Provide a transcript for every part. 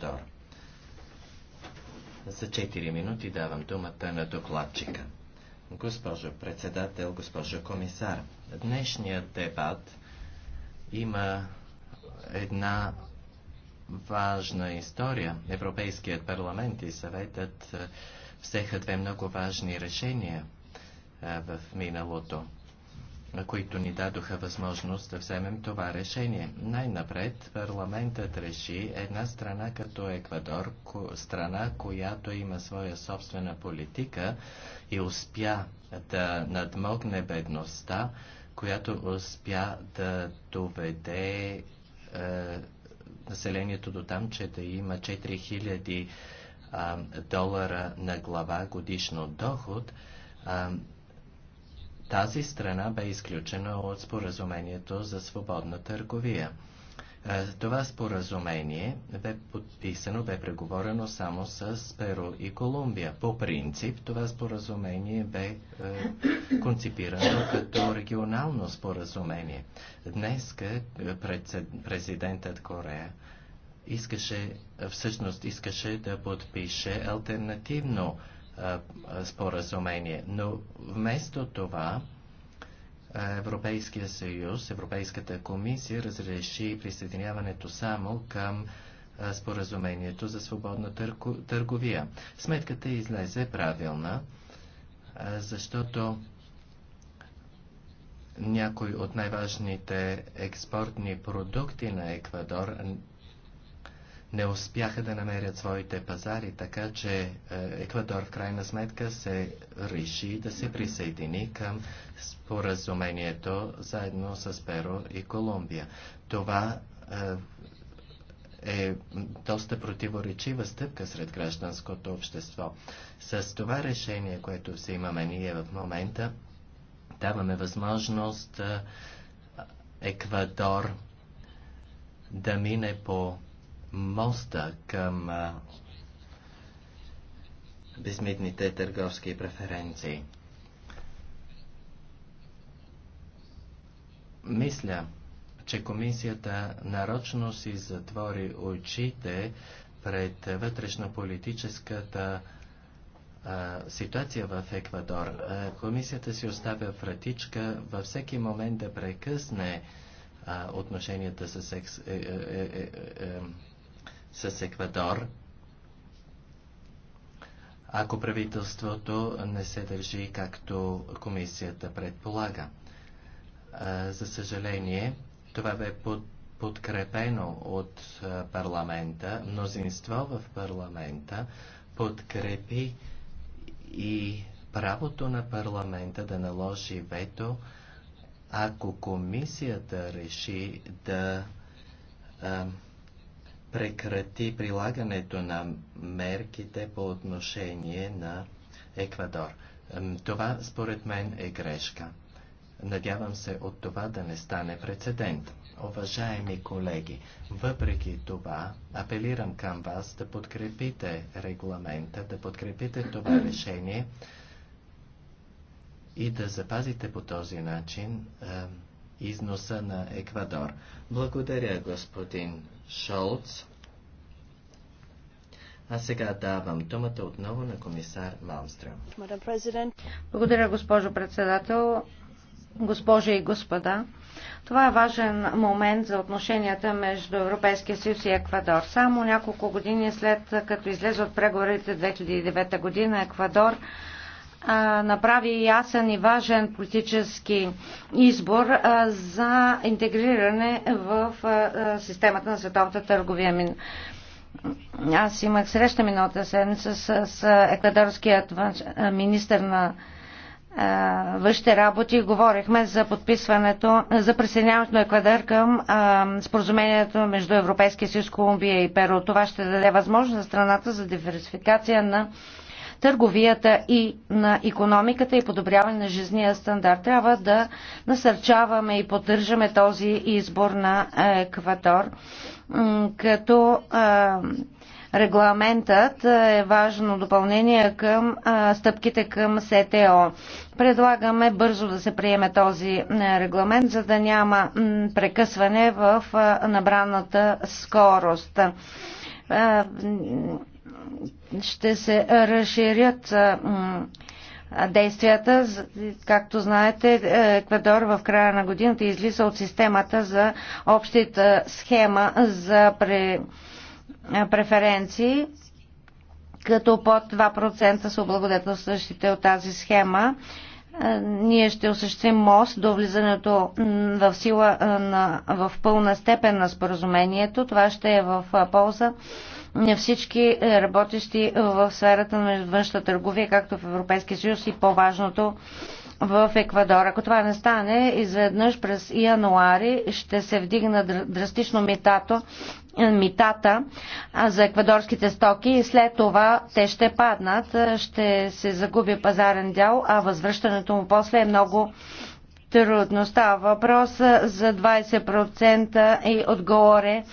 Салвадор. За 4 минути давам думата на докладчика. Госпожо председател, госпожо комисар, днешният дебат има една важна история. Европейският парламент и съветът е, взеха две много важни решения е, в миналото които ни дадоха възможност да вземем това решение. Най-напред парламентът реши една страна като Еквадор, страна, която има своя собствена политика и успя да надмогне бедността, която успя да доведе е, населението до там, че да има 4000 е, долара на глава годишно доход. Е, тази страна бе изключена от споразумението за свободна търговия. Е, това споразумение бе подписано, бе преговорено само с Перу и Колумбия. По принцип това споразумение бе е, конципирано като регионално споразумение. Днес е, президентът Корея искаше, всъщност искаше да подпише альтернативно споразумение. Но вместо това Европейския съюз, Европейската комисия разреши присъединяването само към споразумението за свободна търговия. Сметката излезе правилна, защото някои от най-важните експортни продукти на Еквадор не успяха да намерят своите пазари, така че е, Еквадор в крайна сметка се реши да се присъедини към споразумението заедно с Перо и Колумбия. Това е, е доста противоречива стъпка сред гражданското общество. С това решение, което взимаме ние в момента, даваме възможност е, Еквадор да мине по моста към безмитните търговски преференции. Мисля, че комисията нарочно си затвори очите пред вътрешно-политическата ситуация в Еквадор. комисията си оставя вратичка във всеки момент да прекъсне отношенията с екс, е, е, е, с Еквадор, ако правителството не се държи както комисията предполага. За съжаление, това бе подкрепено от парламента. Мнозинство в парламента подкрепи и правото на парламента да наложи вето, ако комисията реши да прекрати прилагането на мерките по отношение на Еквадор. Това според мен е грешка. Надявам се от това да не стане прецедент. Уважаеми колеги, въпреки това апелирам към вас да подкрепите регламента, да подкрепите това решение и да запазите по този начин износа на Еквадор. Благодаря, господин Шолц. А сега давам думата отново на комисар Малмстрем. Благодаря, госпожо председател, госпожи и господа. Това е важен момент за отношенията между Европейския съюз и Еквадор. Само няколко години след като излезе от преговорите 2009 година, Еквадор направи ясен и важен политически избор за интегриране в системата на световната търговия. Аз имах среща миналата седмица с, с еквадорският министр на външните работи говорихме за подписването, за присъединяването на Еквадор към а, споразумението между Европейския съюз, Колумбия и Перо. Това ще даде възможност на страната за диверсификация на търговията и на економиката и подобряване на жизния стандарт. Трябва да насърчаваме и поддържаме този избор на Еквадор, като Регламентът е важно допълнение към стъпките към СТО. Предлагаме бързо да се приеме този регламент, за да няма прекъсване в набраната скорост ще се разширят действията. Както знаете, е, Еквадор в края на годината излиза от системата за общата схема за преференции като под 2% са облагодетелстващите от тази схема. Е, ние ще осъществим мост до влизането в сила е, на, в пълна степен на споразумението. Това ще е в полза на всички е, работещи в сферата на външната търговия, както в Европейския съюз и по-важното в Еквадор. Ако това не стане, изведнъж през януари ще се вдигна драстично митато, е, митата за еквадорските стоки и след това те ще паднат, е, ще се загуби пазарен дял, а възвръщането му после е много трудно. Става въпрос за 20% и отгоре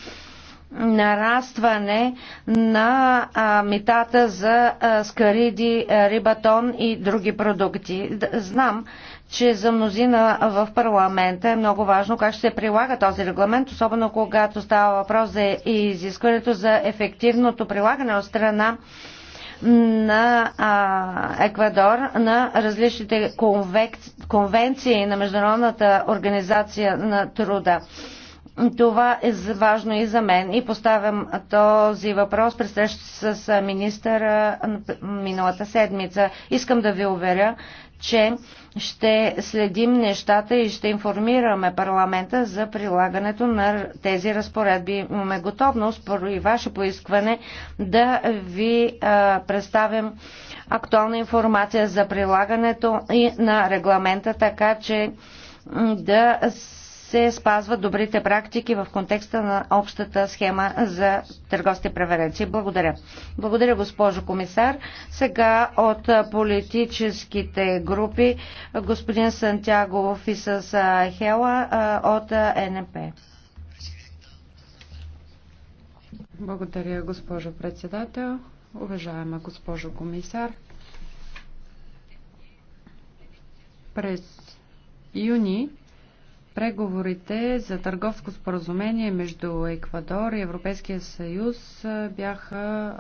нарастване на метата за скариди, рибатон и други продукти. Знам, че за мнозина в парламента е много важно как ще се прилага този регламент, особено когато става въпрос за изискването за ефективното прилагане от страна на а, Еквадор на различните конвек... конвенции на Международната организация на труда. Това е важно и за мен и поставям този въпрос при среща с министъра миналата седмица. Искам да ви уверя, че ще следим нещата и ще информираме парламента за прилагането на тези разпоредби. Имаме готовност, и ваше поискване, да ви а, представим актуална информация за прилагането и на регламента, така че да се спазват добрите практики в контекста на общата схема за търговски преференции. Благодаря. Благодаря, госпожо комисар. Сега от политическите групи господин Сантяго с Хела от НП. Благодаря, госпожо председател. Уважаема госпожо комисар, през юни Преговорите за търговско споразумение между Еквадор и Европейския съюз бяха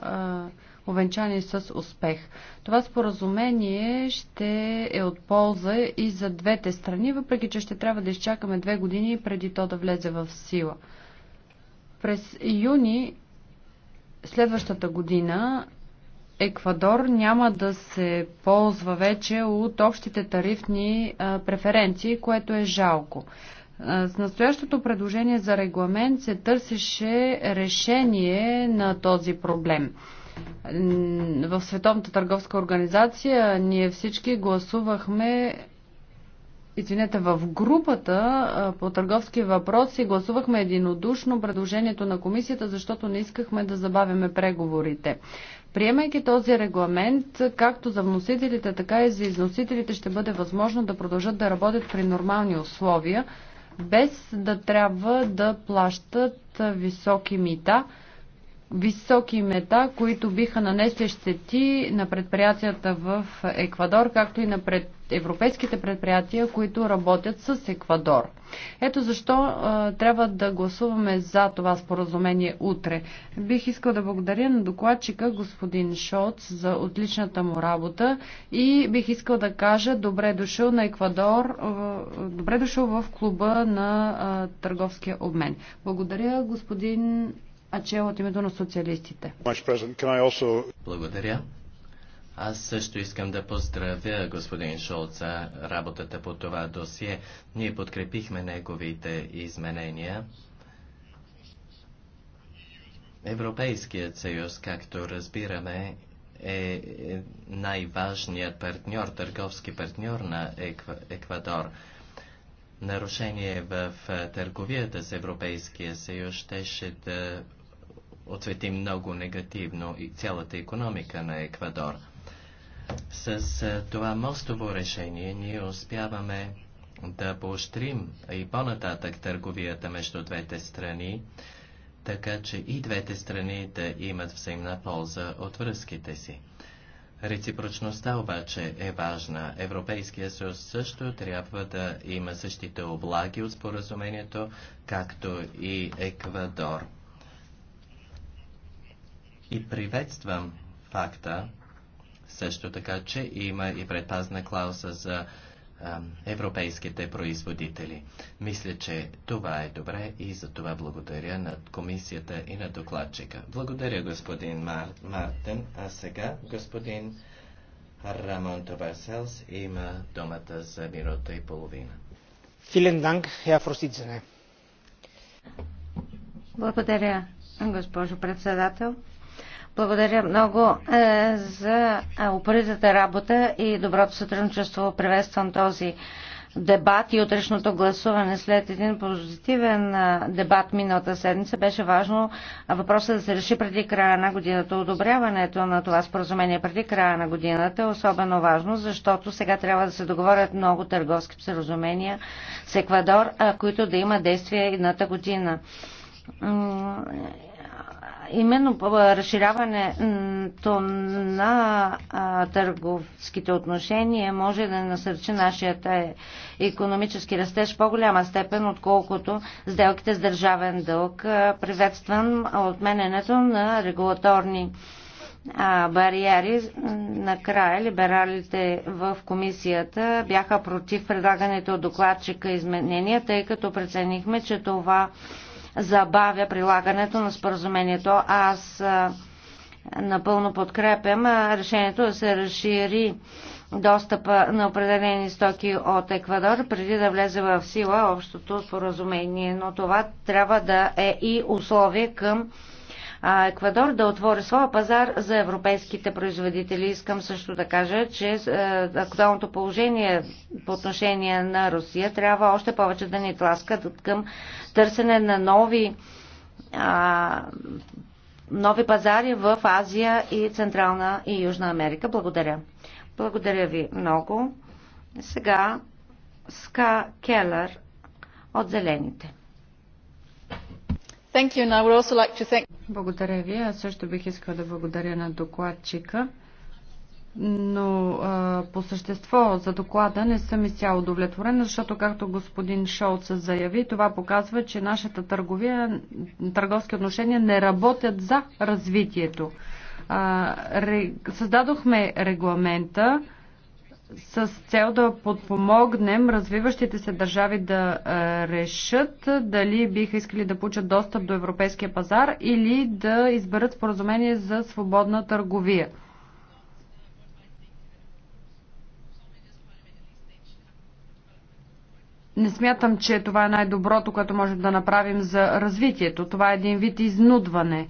овенчани увенчани с успех. Това споразумение ще е от полза и за двете страни, въпреки че ще трябва да изчакаме две години преди то да влезе в сила. През юни следващата година Еквадор няма да се ползва вече от общите тарифни преференции, което е жалко. С настоящото предложение за регламент се търсеше решение на този проблем. В Световната търговска организация ние всички гласувахме извинете, в групата по търговски въпроси гласувахме единодушно предложението на комисията, защото не искахме да забавяме преговорите. Приемайки този регламент, както за вносителите, така и за износителите ще бъде възможно да продължат да работят при нормални условия, без да трябва да плащат високи мита, високи мета, които биха нанесли щети на предприятията в Еквадор, както и на пред... европейските предприятия, които работят с Еквадор. Ето защо а, трябва да гласуваме за това споразумение утре. Бих искал да благодаря на докладчика господин Шоц за отличната му работа и бих искал да кажа добре дошъл на Еквадор, добре дошъл в клуба на а, търговския обмен. Благодаря господин Ачел е от името на социалистите. Благодаря. Аз също искам да поздравя господин Шолц за работата по това досие. Ние подкрепихме неговите изменения. Европейският съюз, както разбираме, е, е най-важният партньор, търговски партньор на Еква... Еквадор. Нарушение в търговията с Европейския съюз щеше да отсвети много негативно и цялата економика на Еквадор. С това мостово решение ние успяваме да поощрим и по-нататък търговията между двете страни, така че и двете страни да имат взаимна полза от връзките си. Реципрочността обаче е важна. Европейския съюз също трябва да има същите облаги от споразумението, както и Еквадор. И приветствам факта, също така, че има и предпазна клауса за европейските производители. Мисля, че това е добре и за това благодаря на комисията и на докладчика. Благодаря господин Мар... Мартен, а сега господин Рамон Товарселс има думата за минута и половина. данк, Благодаря, госпожо председател. Благодаря много е, за е, упоритата работа и доброто сътрудничество. Приветствам този дебат и утрешното гласуване след един позитивен е, дебат миналата седмица беше важно въпросът да се реши преди края на годината. Одобряването на това споразумение преди края на годината е особено важно, защото сега трябва да се договорят много търговски споразумения с Еквадор, които да има действие едната година именно разширяването на търговските отношения може да насърчи нашият економически растеж в по-голяма степен, отколкото сделките с държавен дълг. Приветствам отмененето на регулаторни бариери. Накрая либералите в комисията бяха против предлагането от докладчика изменения, тъй като преценихме, че това забавя прилагането на споразумението. Аз напълно подкрепям решението да се разшири достъпа на определени стоки от Еквадор преди да влезе в сила общото споразумение. Но това трябва да е и условие към а Еквадор да отвори своя пазар за европейските производители. Искам също да кажа, че е, актуалното положение по отношение на Русия трябва още повече да ни тласка към търсене на нови а, нови пазари в Азия и Централна и Южна Америка. Благодаря. Благодаря ви много. Сега Ска Келър от Зелените. Благодаря ви. Аз също бих искала да благодаря на докладчика. Но а, по същество за доклада не съм изцяло удовлетворена, защото както господин Шолц заяви, това показва, че нашата търговия, търговски отношения не работят за развитието. А, ре, създадохме регламента, с цел да подпомогнем развиващите се държави да е, решат дали биха искали да получат достъп до европейския пазар или да изберат споразумение за свободна търговия. Не смятам, че това е най-доброто, което можем да направим за развитието. Това е един вид изнудване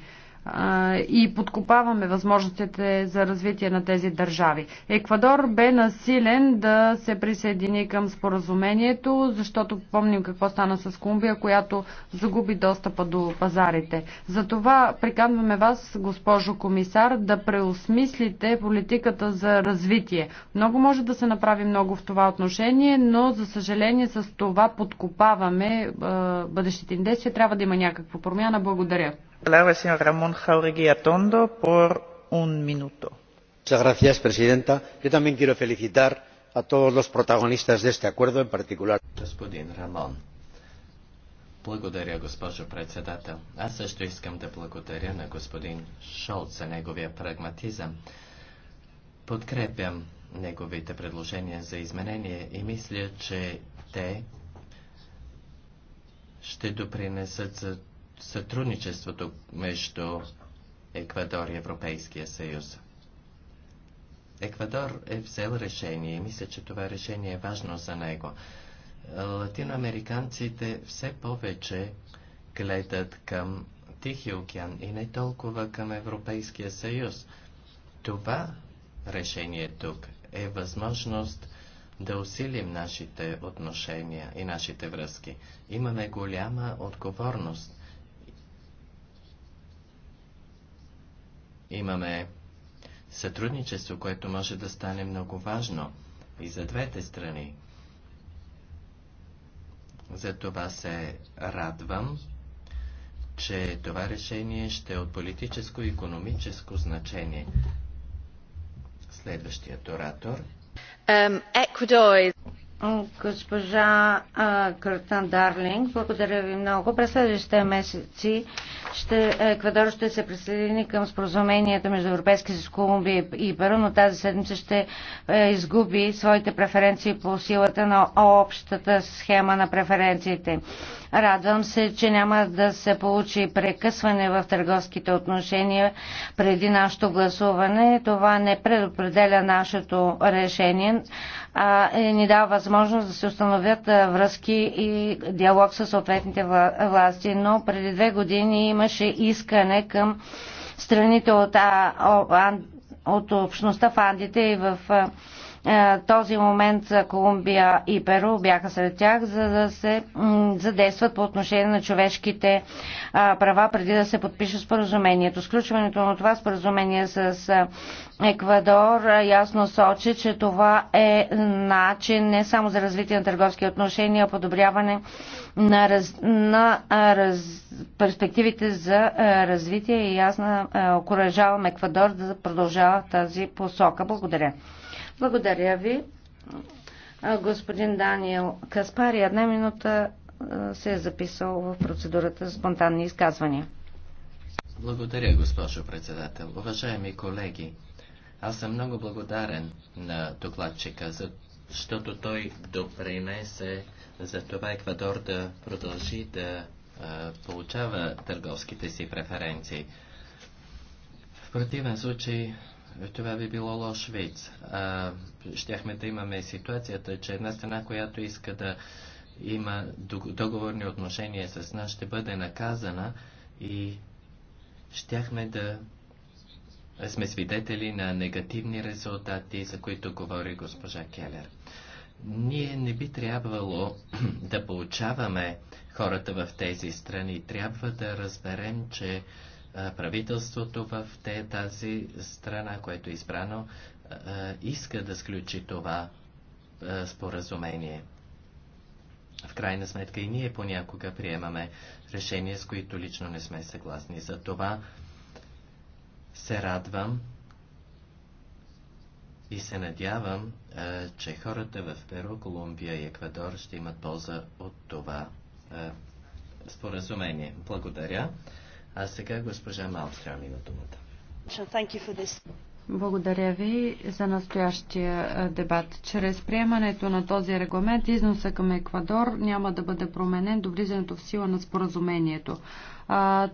и подкопаваме възможностите за развитие на тези държави. Еквадор бе насилен да се присъедини към споразумението, защото помним какво стана с Колумбия, която загуби достъпа до пазарите. Затова приканваме вас, госпожо комисар, да преосмислите политиката за развитие. Много може да се направи много в това отношение, но за съжаление с това подкопаваме бъдещите индекси. Трябва да има някаква промяна. Благодаря señora presidenta yo también quiero felicitar a todos los protagonistas de este acuerdo en particular. господин рамон благодаря госпожо председател. Аз също искам да благодаря на господин Шолц за неговия прагматизъм. Подкрепям неговите предложения за изменение и мисля, че те ще допринесат за сътрудничеството между Еквадор и Европейския съюз. Еквадор е взел решение и мисля, че това решение е важно за него. Латиноамериканците все повече гледат към Тихия океан и не толкова към Европейския съюз. Това решение тук е възможност да усилим нашите отношения и нашите връзки. Имаме голяма отговорност. Имаме сътрудничество, което може да стане много важно и за двете страни. За това се радвам, че това решение ще е от политическо и економическо значение. Следващият оратор. Еквадор Госпожа Картан Дарлинг, благодаря ви много. През следващите месеци ще, Еквадор ще се присъедини към споразумението между Европейския съюз, Колумбия и Перу, но тази седмица ще е, изгуби своите преференции по силата на общата схема на преференциите. Радвам се, че няма да се получи прекъсване в търговските отношения преди нашето гласуване. Това не предопределя нашето решение, а е, ни дава възможност възможност да се установят връзки и диалог с съответните власти, но преди две години имаше искане към страните от, от общността в Андите и в е, този момент Колумбия и Перу бяха сред тях, за да се задействат по отношение на човешките е, права преди да се подпише споразумението. Сключването на това споразумение с е, Еквадор ясно сочи, че това е начин не само за развитие на търговски отношения, а подобряване на, раз, на раз, перспективите за развитие и аз окоръжавам Еквадор да продължава тази посока. Благодаря. Благодаря ви. Господин Даниел Каспари, една минута се е записал в процедурата за спонтанни изказвания. Благодаря, госпожо председател. Уважаеми колеги, аз съм много благодарен на докладчика, защото той допринесе за това Еквадор да продължи да а, получава търговските си преференции. В противен случай това би било лош вид. Щяхме да имаме ситуацията, че една страна, която иска да има договорни отношения с нас, ще бъде наказана и щяхме да сме свидетели на негативни резултати, за които говори госпожа Келер. Ние не би трябвало да получаваме хората в тези страни. Трябва да разберем, че правителството в те, тази страна, което е избрано, иска да сключи това споразумение. В крайна сметка и ние понякога приемаме решения, с които лично не сме съгласни. За това се радвам и се надявам, че хората в Перу, Колумбия и Еквадор ще имат полза от това споразумение. Благодаря. А сега госпожа Малстрам има думата. Благодаря ви за настоящия дебат. Чрез приемането на този регламент износа към Еквадор няма да бъде променен до влизането в сила на споразумението.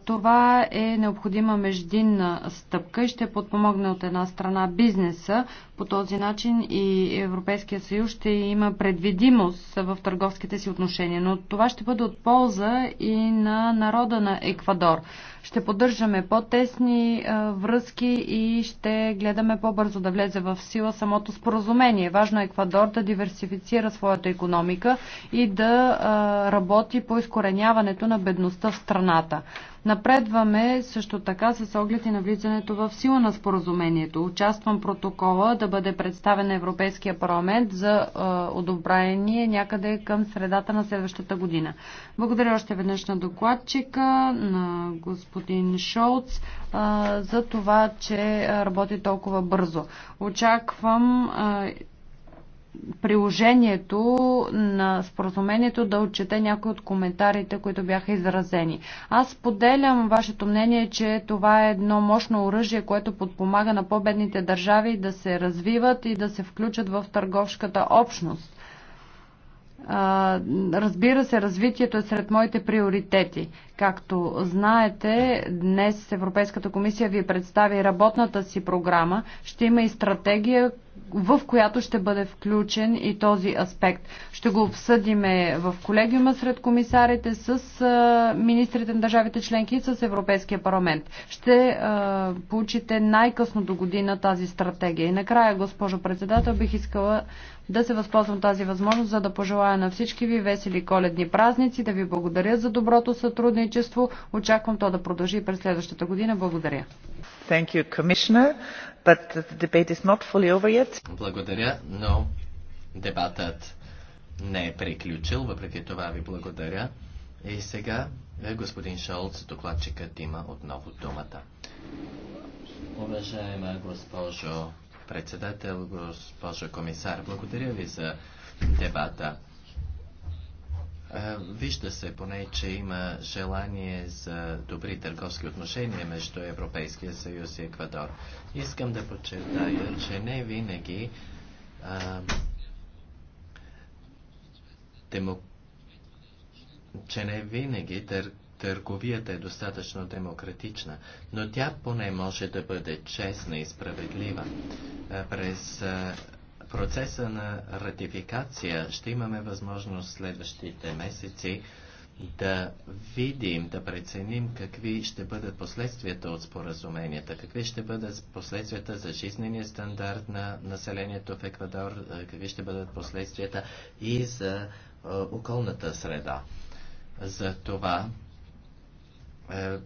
Това е необходима междинна стъпка и ще подпомогне от една страна бизнеса. По този начин и Европейския съюз ще има предвидимост в търговските си отношения. Но това ще бъде от полза и на народа на Еквадор. Ще поддържаме по-тесни връзки и ще гледаме гледаме по-бързо да влезе в сила самото споразумение. Важно е Еквадор да диверсифицира своята економика и да работи по изкореняването на бедността в страната. Напредваме също така с оглед и на влизането в сила на споразумението. Участвам протокола да бъде представен на Европейския парламент за одобрение някъде към средата на следващата година. Благодаря още веднъж на докладчика, на господин Шолц, за това, че работи толкова бързо. Очаквам приложението на споразумението да отчете някои от коментарите, които бяха изразени. Аз поделям вашето мнение, че това е едно мощно оръжие, което подпомага на по-бедните държави да се развиват и да се включат в търговската общност. Разбира се, развитието е сред моите приоритети. Както знаете, днес Европейската комисия ви представи работната си програма. Ще има и стратегия, в която ще бъде включен и този аспект. Ще го обсъдиме в колегиума сред комисарите, с министрите на държавите членки и с Европейския парламент. Ще а, получите най-късно до година тази стратегия. И накрая, госпожо председател, бих искала да се възползвам тази възможност, за да пожелая на всички ви весели коледни празници, да ви благодаря за доброто сътрудничество сътрудничество. Очаквам то да продължи през следващата година. Благодаря. Thank you, Commissioner, but the debate is not fully over yet. Благодаря, но дебатът не е приключил. Въпреки това ви благодаря. И сега е, господин Шолц, докладчикът има отново думата. Уважаема госпожо председател, госпожо комисар, благодаря ви за дебата. Е, вижда се поне, че има желание за добри търговски отношения между Европейския съюз и Еквадор. Искам да подчертая, че не винаги а, демо, че не винаги тър, търговията е достатъчно демократична, но тя поне може да бъде честна и справедлива. А, е, през а, е, процеса на ратификация ще имаме възможност следващите месеци да видим, да преценим какви ще бъдат последствията от споразуменията, какви ще бъдат последствията за жизнения стандарт на населението в Еквадор, какви ще бъдат последствията и за е, околната среда. За това е,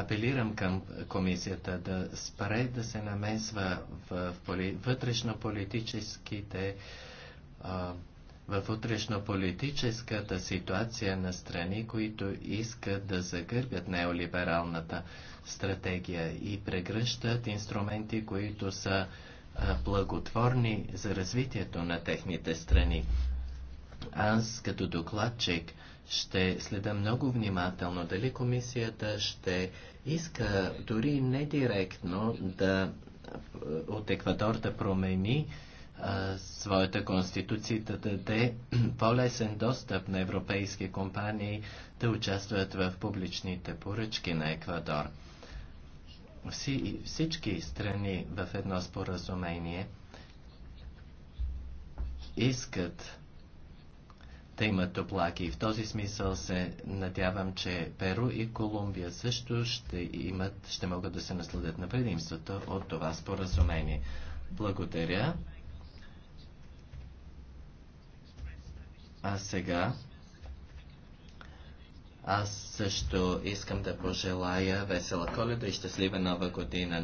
апелирам към комисията да спре да се намесва в, поли, вътрешно-политическите вътрешно-политическата ситуация на страни, които искат да загърбят неолибералната стратегия и прегръщат инструменти, които са благотворни за развитието на техните страни. Аз като докладчик ще следа много внимателно дали комисията ще иска дори не директно да е, от Еквадор да промени а, е, своята конституция, да даде по-лесен достъп на европейски компании да участват в публичните поръчки на Еквадор. Вси, всички страни в едно споразумение искат да имат оплаки. И в този смисъл се надявам, че Перу и Колумбия също ще, имат, ще могат да се насладят на предимството от това споразумение. Благодаря. А сега аз също искам да пожелая весела коледа и щастлива нова година